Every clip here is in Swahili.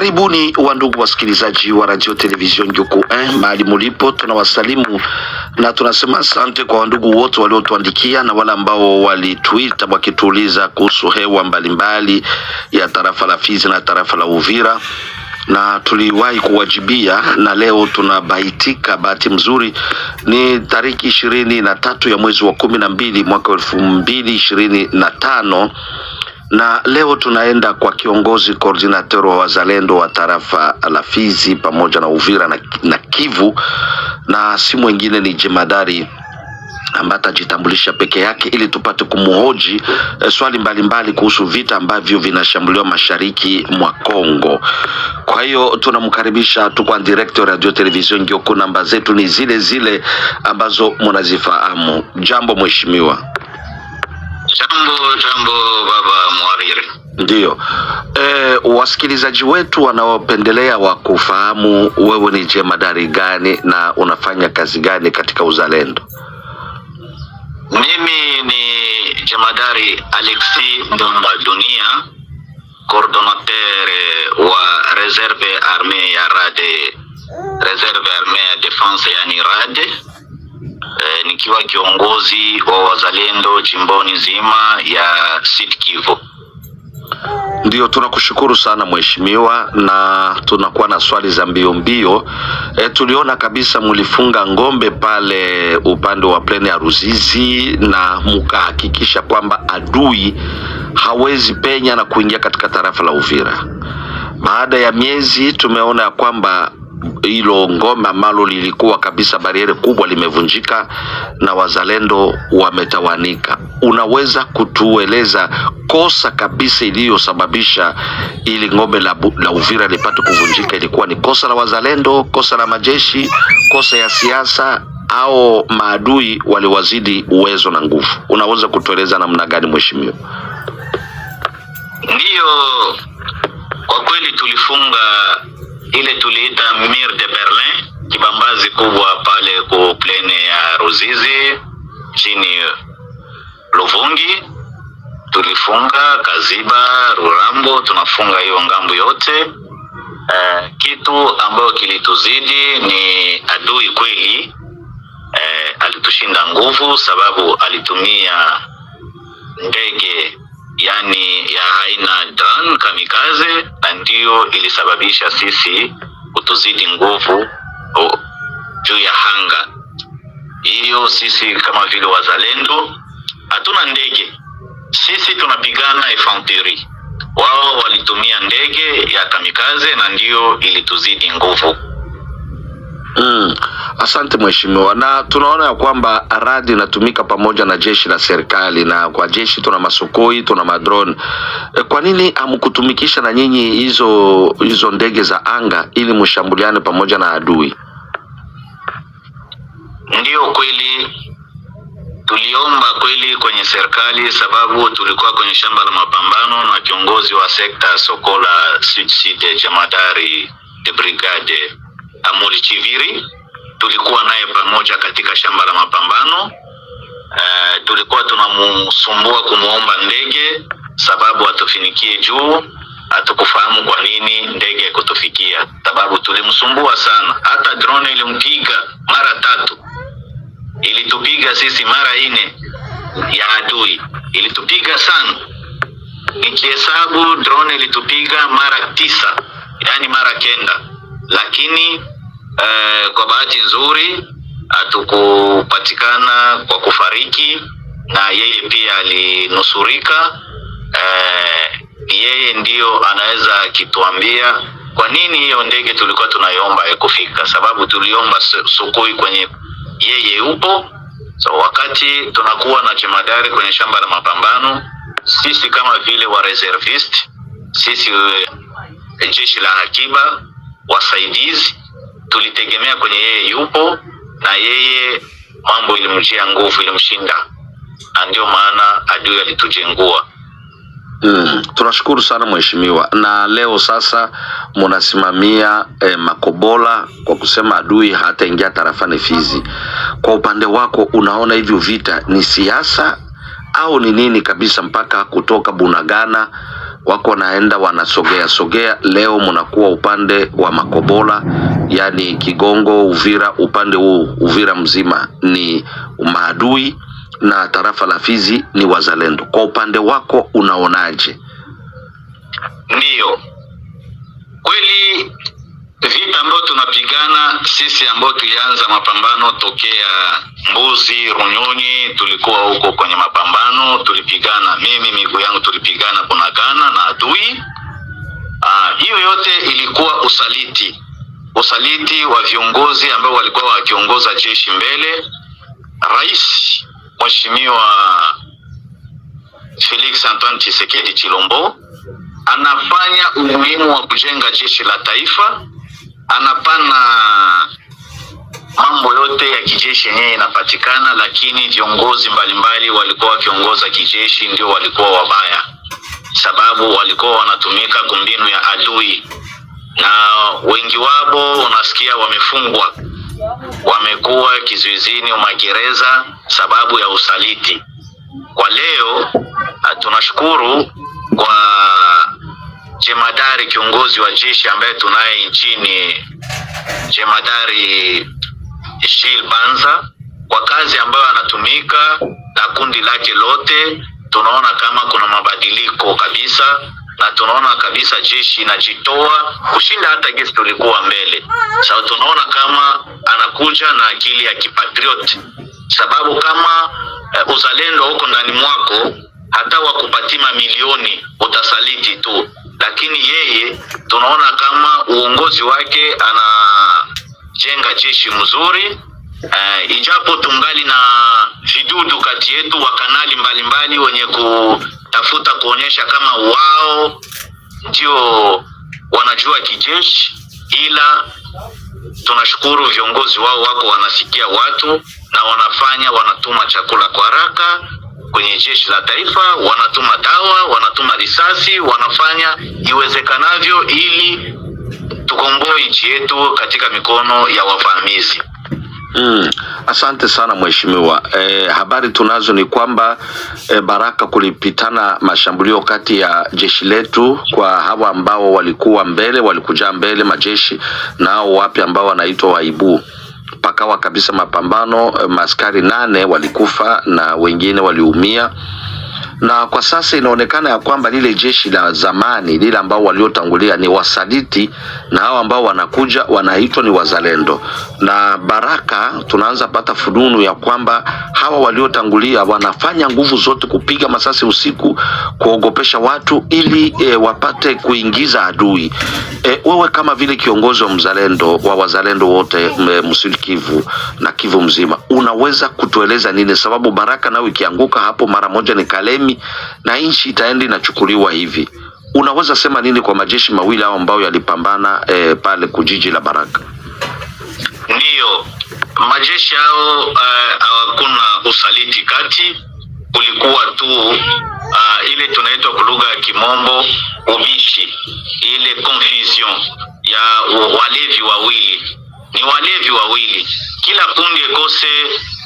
Karibuni wa ndugu wasikilizaji wa radio television Juku eh, mahali mulipo, tunawasalimu na tunasema asante kwa wandugu wote waliotuandikia na wale ambao walituita wakituuliza kuhusu hewa mbalimbali mbali ya tarafa la Fizi na tarafa la Uvira na tuliwahi kuwajibia na leo tunabahitika, bahati mzuri ni tariki ishirini na tatu ya mwezi wa kumi na mbili mwaka elfu mbili ishirini na tano na leo tunaenda kwa kiongozi koordinator wa wazalendo wa tarafa la Fizi pamoja na Uvira na, na Kivu na si mwingine ni jemadari ambaye atajitambulisha peke yake ili tupate kumhoji e, swali mbalimbali mbali kuhusu vita ambavyo vinashambuliwa mashariki mwa Kongo. Kwa hiyo tunamkaribisha, tu kwa director radio television Ngyoku, namba zetu ni zile zile ambazo mnazifahamu. Jambo mheshimiwa. Jambo jambo, baba mwariri. Ndio. e, wasikilizaji wetu wanaopendelea wa kufahamu wewe ni jemadari gani na unafanya kazi gani katika uzalendo? Mimi ni jemadari Alexi Mbumba Dunia, coordonateur wa reserve armee ya Rade, reserve armee ya defense yani Rade eh, nikiwa kiongozi wa wazalendo jimboni nzima ya Sud Kivu. Ndio, tunakushukuru sana mheshimiwa, na tunakuwa na swali za mbio mbio. E, tuliona kabisa mulifunga ng'ombe pale upande wa pleni ya Ruzizi na mkahakikisha kwamba adui hawezi penya na kuingia katika tarafa la Uvira. Baada ya miezi tumeona ya kwamba hilo ngome ambalo lilikuwa kabisa bariere kubwa limevunjika na wazalendo wametawanika. Unaweza kutueleza kosa kabisa iliyosababisha ili ngome la, la Uvira lipate kuvunjika? Ilikuwa ni kosa la wazalendo, kosa la majeshi, kosa ya siasa au maadui waliwazidi uwezo na nguvu? Unaweza kutueleza namna gani, mheshimiwa? Ndiyo, kwa kweli tulifunga ile tuliita Mur de Berlin, kibambazi kubwa pale ku plene ya Ruzizi chini Luvungi, tulifunga Kaziba, Rurambo, tunafunga hiyo ngambo yote. Uh, kitu ambayo kilituzidi ni adui kweli. Uh, alitushinda nguvu, sababu alitumia ndege yani ya aina drone kamikaze, na ndiyo ilisababisha sisi kutuzidi nguvu juu ya hanga. Hiyo sisi kama vile wazalendo hatuna ndege, sisi tunapigana infanteri, wao walitumia ndege ya kamikaze na ndiyo ilituzidi nguvu. Mm, asante mheshimiwa, na tunaona ya kwamba radi inatumika pamoja na jeshi la serikali, na kwa jeshi tuna masokoi tuna madrone. Eh, kwa nini amkutumikisha na nyinyi hizo hizo ndege za anga ili mshambuliane pamoja na adui? Ndiyo kweli tuliomba kweli kwenye serikali, sababu tulikuwa kwenye shamba la mapambano na kiongozi wa sekta Sokola Sud Sud, eh, jamadari de brigade Amuri Chiviri, tulikuwa naye pamoja katika shamba la mapambano. E, tulikuwa tunamsumbua kumwomba ndege sababu atufinikie juu, hatukufahamu kwa nini ndege kutufikia sababu tulimsumbua sana. Hata drone ilimpiga mara tatu, ilitupiga sisi mara ine ya adui, ilitupiga sana. Nikihesabu drone ilitupiga mara tisa, yaani mara kenda lakini uh, kwa bahati nzuri hatukupatikana kwa kufariki, na yeye pia alinusurika. Uh, yeye ndiyo anaweza akituambia kwa nini hiyo ndege tulikuwa tunaiomba haikufika, sababu tuliomba sukui kwenye yeye yupo. So wakati tunakuwa na jemadari kwenye shamba la mapambano, sisi kama vile wa reservist, sisi eh, jeshi la akiba wasaidizi, tulitegemea kwenye yeye yupo na yeye, mambo ilimjia nguvu, ilimshinda, na ndio maana adui alitujengua. Mm, tunashukuru sana mheshimiwa. Na leo sasa munasimamia eh, Makobola kwa kusema adui hataingia tarafani Fizi. Kwa upande wako unaona hivyo vita ni siasa au ni nini kabisa mpaka kutoka Bunagana wako naenda wanasogea sogea. Leo mnakuwa upande wa Makobola, yani Kigongo, Uvira, upande huu Uvira mzima ni maadui na tarafa la Fizi ni wazalendo. Kwa upande wako unaonaje? Ndiyo kweli vita ambayo tunapigana sisi, ambao tulianza mapambano tokea Mbuzi Runyonyi, tulikuwa huko kwenye mapambano, tulipigana mimi miguu yangu tulipigana kunagana na adui ah, hiyo. Yote ilikuwa usaliti, usaliti wa viongozi ambao walikuwa wakiongoza jeshi mbele. Rais Mheshimiwa Felix Antoine Tshisekedi Chilombo anafanya umuhimu wa kujenga jeshi la taifa anapana mambo yote ya kijeshi yenyewe inapatikana, lakini viongozi mbalimbali walikuwa wakiongoza kijeshi ndio walikuwa wabaya, sababu walikuwa wanatumika kumbinu ya adui, na wengi wabo unasikia wamefungwa, wamekuwa kizuizini magereza sababu ya usaliti. Kwa leo tunashukuru kwa jemadari kiongozi wa jeshi ambaye tunaye nchini, jemadari Shil Banza, kwa kazi ambayo anatumika na kundi lake lote, tunaona kama kuna mabadiliko kabisa na tunaona kabisa jeshi inajitoa kushinda hata gesi tulikuwa mbele. Sasa tunaona kama anakuja na akili ya kipatrioti, sababu kama uh, uzalendo huko ndani mwako, hata wakupatima milioni utasaliti tu lakini yeye tunaona kama uongozi wake anajenga jeshi mzuri uh, ijapo tungali na vidudu kati yetu wa kanali mbalimbali wenye kutafuta kuonyesha kama wao ndio wanajua kijeshi, ila tunashukuru viongozi wao wako wanasikia watu na wanafanya, wanatuma chakula kwa haraka kwenye jeshi la taifa, wanatuma dawa, wanatuma risasi, wanafanya iwezekanavyo ili tukomboe nchi yetu katika mikono ya wavamizi. Mm, asante sana mheshimiwa. E, habari tunazo ni kwamba e, Baraka kulipitana mashambulio kati ya jeshi letu kwa hawa ambao walikuwa mbele walikuja mbele majeshi na hao wapi ambao wanaitwa waibu pakawa kabisa mapambano, eh, maskari nane walikufa na wengine waliumia na kwa sasa inaonekana ya kwamba lile jeshi la zamani lile ambao waliotangulia ni wasaliti na hao ambao wanakuja wanaitwa ni wazalendo. Na Baraka tunaanza pata fununu ya kwamba hawa waliotangulia wanafanya nguvu zote kupiga masasi usiku kuogopesha watu ili e, wapate kuingiza adui. E, wewe kama vile kiongozi wa mzalendo wa wazalendo wote e, msidi Kivu na Kivu mzima unaweza kutueleza nini? Sababu Baraka nao ikianguka hapo mara moja ni Kalemi nini na nchi itaenda inachukuliwa hivi. Unaweza sema nini kwa majeshi mawili hao ambao yalipambana eh, pale kujiji la Baraka? Ndiyo, majeshi hao hawakuna eh, uh, usaliti kati, kulikuwa tu uh, ile tunaitwa kwa lugha ya kimombo ubishi, ile confusion ya walevi wawili, ni walevi wawili, kila kundi ekose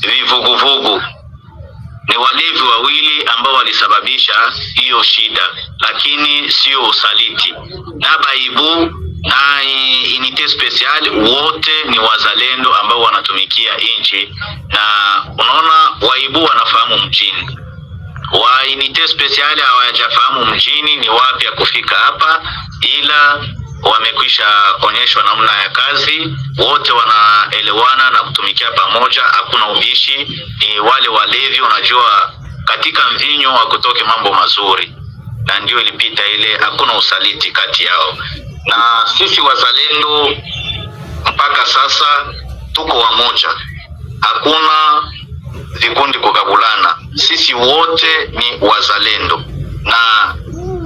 vivuguvugu ni walevi wawili ambao walisababisha hiyo shida, lakini sio usaliti. na baibu na inite special wote ni wazalendo ambao wanatumikia nchi, na unaona waibu wanafahamu mjini wa inite special hawajafahamu mjini ni wapya kufika hapa ila wamekwisha onyeshwa namna ya kazi, wote wanaelewana na kutumikia pamoja, hakuna ubishi. Ni wale walevi, unajua katika mvinyo wakutoke mambo mazuri, na ndio ilipita ile, hakuna usaliti kati yao. Na sisi wazalendo mpaka sasa tuko wamoja, hakuna vikundi kukabulana, sisi wote ni wazalendo na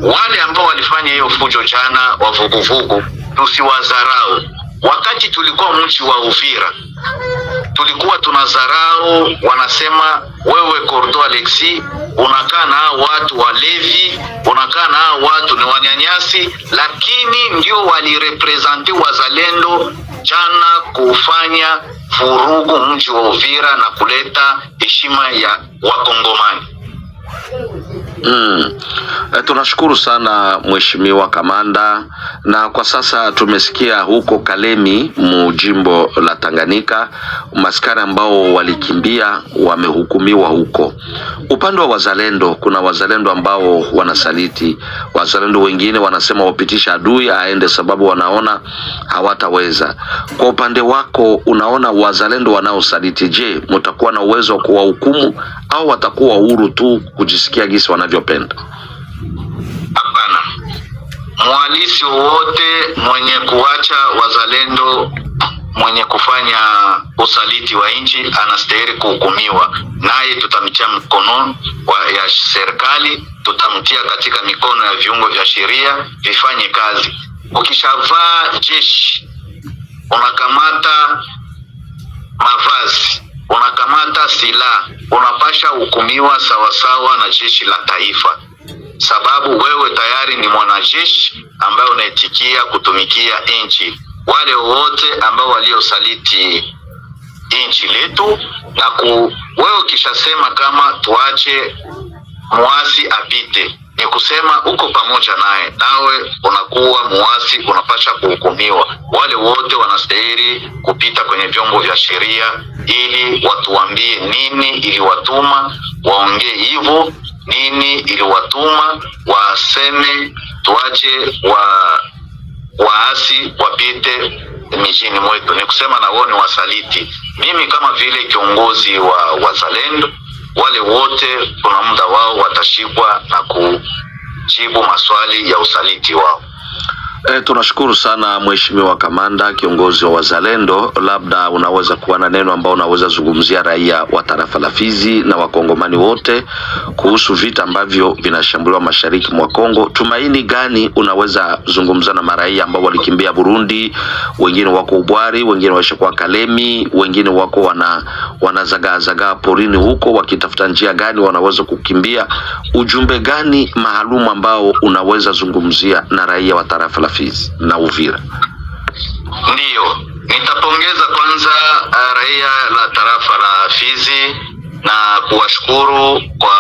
wale ambao walifanya hiyo fujo jana wa vuguvugu, tusiwadharau. Wakati tulikuwa mji wa Uvira, tulikuwa tunadharau, wanasema wewe cordo Alexi unakaa na hao watu walevi, unakaa na hao watu ni wanyanyasi, lakini ndio walirepresenti wazalendo jana kufanya furugu mji wa Uvira na kuleta heshima ya Wakongomani. Mm. Eh, tunashukuru sana Mheshimiwa Kamanda, na kwa sasa tumesikia huko Kalemi mjimbo la Tanganyika maskari ambao walikimbia wamehukumiwa huko. Upande wa wazalendo, kuna wazalendo ambao wanasaliti, wazalendo wengine wanasema wapitisha adui aende, sababu wanaona hawataweza. Kwa upande wako, unaona wazalendo wanaosaliti, je, mtakuwa na uwezo wa kuwahukumu au watakuwa huru tu kuji kujisikia gisi wanavyopenda. Hapana, mwalisi wowote mwenye kuacha wazalendo mwenye kufanya usaliti wa nchi anastahili kuhukumiwa, naye tutamtia mkono ya serikali, tutamtia katika mikono ya viungo vya sheria vifanye kazi. Ukishavaa jeshi unakamata mavazi ukipata silaha unapasha hukumiwa sawasawa na jeshi la taifa, sababu wewe tayari ni mwanajeshi ambaye unaitikia kutumikia nchi. Wale wote ambao waliosaliti nchi letu na ku, wewe ukishasema kama tuache muasi apite ni kusema uko pamoja naye, nawe unakuwa muasi, unapasha kuhukumiwa. Wale wote wanastahili kupita kwenye vyombo vya sheria ili watuambie nini iliwatuma waongee hivyo, nini iliwatuma waseme tuache wa waasi wapite mijini mwetu. Ni kusema na wao ni wasaliti. Mimi kama vile kiongozi wa wazalendo wale wote kuna muda wao watashikwa na kujibu maswali ya usaliti wao. E, tunashukuru sana Mheshimiwa Kamanda, kiongozi wa wazalendo, labda unaweza kuwa na neno ambao unaweza zungumzia raia wa tarafa la Fizi na wakongomani wote kuhusu vita ambavyo vinashambuliwa mashariki mwa Kongo. Tumaini gani unaweza zungumza na maraia ambao walikimbia Burundi, wengine wako Ubwari, wengine waishakuwa Kalemi, wengine wako wana wanazagaa zagaa porini huko wakitafuta njia gani wanaweza kukimbia? Ujumbe gani maalum ambao unaweza zungumzia na raia wa tarafa la Fizi na Uvira? Ndiyo, nitapongeza kwanza eh, raia la tarafa la Fizi na kuwashukuru kwa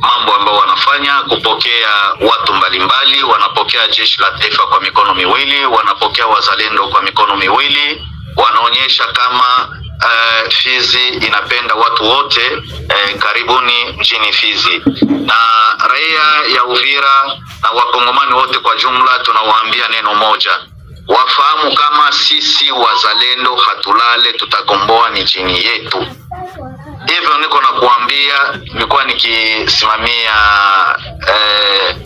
mambo ambayo wanafanya, kupokea watu mbalimbali, wanapokea jeshi la taifa kwa mikono miwili, wanapokea wazalendo kwa mikono miwili, wanaonyesha kama uh, Fizi inapenda watu wote eh, karibuni mjini Fizi na raia ya Uvira na wakongomani wote kwa jumla, tunawaambia neno moja, wafahamu kama sisi wazalendo hatulale, tutakomboa jini yetu. Hivyo niko na kuambia, nilikuwa nikisimamia eh,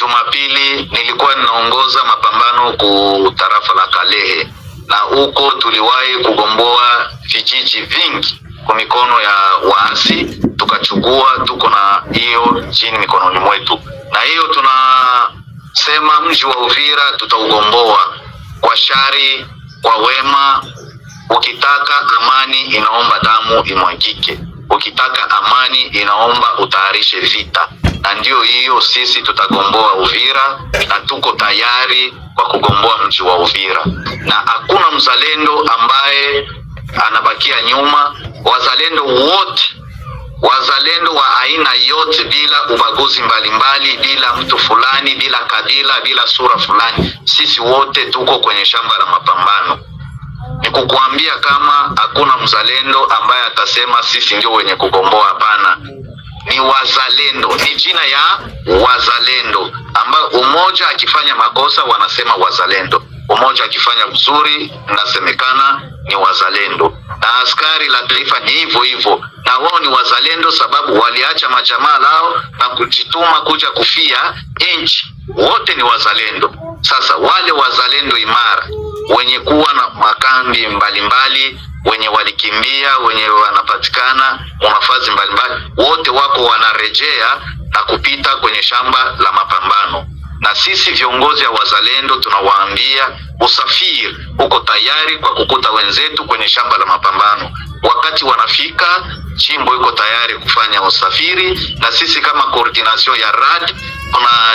Jumapili nilikuwa ninaongoza mapambano ku tarafa la Kalehe na huko tuliwahi kugomboa vijiji vingi kwa mikono ya waasi, tukachukua, tuko na hiyo chini mikononi mwetu, na hiyo tunasema mji wa Uvira tutaugomboa kwa shari, kwa wema. Ukitaka amani, inaomba damu imwagike. Ukitaka amani inaomba utayarishe vita, na ndiyo hiyo sisi tutagomboa Uvira na tuko tayari kwa kugomboa mji wa Uvira, na hakuna mzalendo ambaye anabakia nyuma. Wazalendo wote wazalendo wa aina yote, bila ubaguzi mbalimbali, bila mtu fulani, bila kabila, bila sura fulani, sisi wote tuko kwenye shamba la mapambano kukuambia kama hakuna mzalendo ambaye atasema sisi ndio wenye kukomboa. Hapana, ni wazalendo, ni jina ya wazalendo ambayo umoja akifanya makosa wanasema wazalendo, umoja akifanya mzuri nasemekana ni wazalendo, na askari la taifa ni hivyo hivyo, na wao ni wazalendo sababu waliacha majamaa lao na kujituma kuja kufia nchi. Wote ni wazalendo. Sasa wale wazalendo imara wenye kuwa na makambi mbalimbali, wenye walikimbia, wenye wanapatikana nafasi mbalimbali, wote wako wanarejea na kupita kwenye shamba la mapambano. Na sisi viongozi ya wazalendo tunawaambia usafiri uko tayari kwa kukuta wenzetu kwenye shamba la mapambano. Wakati wanafika, chimbo iko tayari kufanya usafiri, na sisi kama koordination ya RAD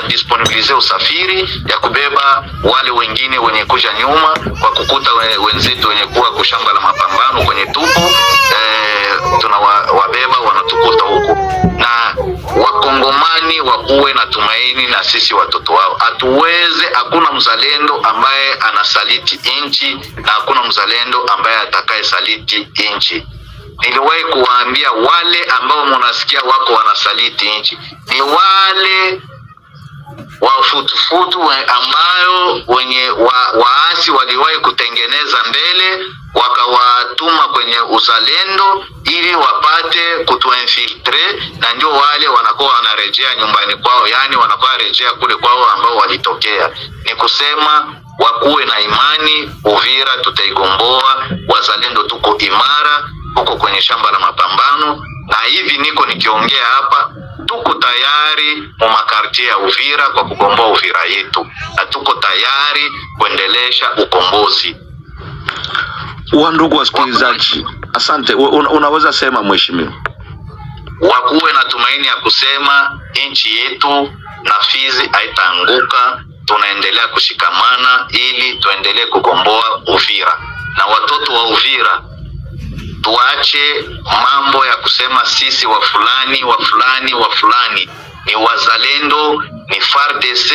disponibilize usafiri ya kubeba wale wengine wenye kuja nyuma kwa kukuta wenzetu wenye kuwa kushamba la mapambano kwenye tupu eh, tunawabeba wanatukuta huko na wakongomani wakuwe na tumaini na sisi watoto wao. Hatuweze, hakuna mzalendo ambaye anasaliti nchi na hakuna mzalendo ambaye saliti nchi. Niliwahi kuwaambia wale ambao munasikia wako wanasaliti nchi ni wale mafutufutu ambayo wenye wa, waasi waliwahi kutengeneza mbele wakawatuma kwenye uzalendo ili wapate kutuinfiltre, na ndio wale wanakuwa wanarejea nyumbani kwao, yaani wanakuwa rejea kule kwao ambao walitokea. Ni kusema wakuwe na imani, Uvira tutaigomboa. Wazalendo tuko imara, huko kwenye shamba la mapambano, na hivi niko nikiongea hapa tayari mu makartie ya Uvira kwa kugomboa Uvira yetu na tuko tayari kuendelesha ukombozi wa ndugu wasikilizaji. Asante, una, unaweza sema mheshimiwa, wakuwe na tumaini ya kusema nchi yetu na Fizi haitaanguka. Tunaendelea kushikamana ili tuendelee kukomboa Uvira na watoto wa Uvira tuache mambo ya kusema sisi wa fulani wa fulani wa fulani. Ni wazalendo, ni FARDC,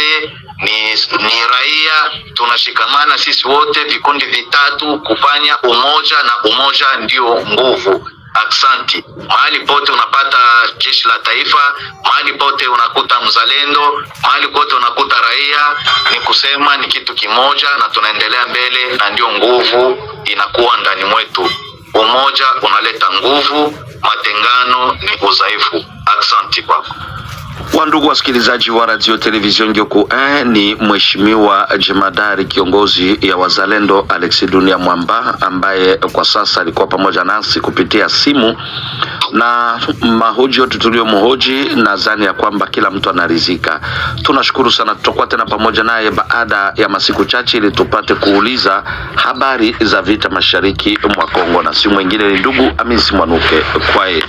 ni, ni raia. Tunashikamana sisi wote vikundi vitatu kufanya umoja, na umoja ndio nguvu. Aksanti. Mahali pote unapata jeshi la taifa, mahali pote unakuta mzalendo, mahali pote unakuta raia, ni kusema ni kitu kimoja, na tunaendelea mbele, na ndio nguvu inakuwa ndani mwetu. Umoja unaleta nguvu, matengano ni udhaifu. Aksanti kwako. Wandugu wasikilizaji wa radio television Ngyoku eh, ni mheshimiwa jemadari kiongozi ya wazalendo Alexi Dunia Mwamba ambaye kwa sasa alikuwa pamoja nasi kupitia simu na mahoji yote na nadhani ya kwamba kila mtu anaridhika. Tunashukuru sana, tutakuwa tena pamoja naye baada ya masiku chache, ili tupate kuuliza habari za vita mashariki mwa Kongo, na si mwingine ni ndugu Amisi Mwanuke kwae.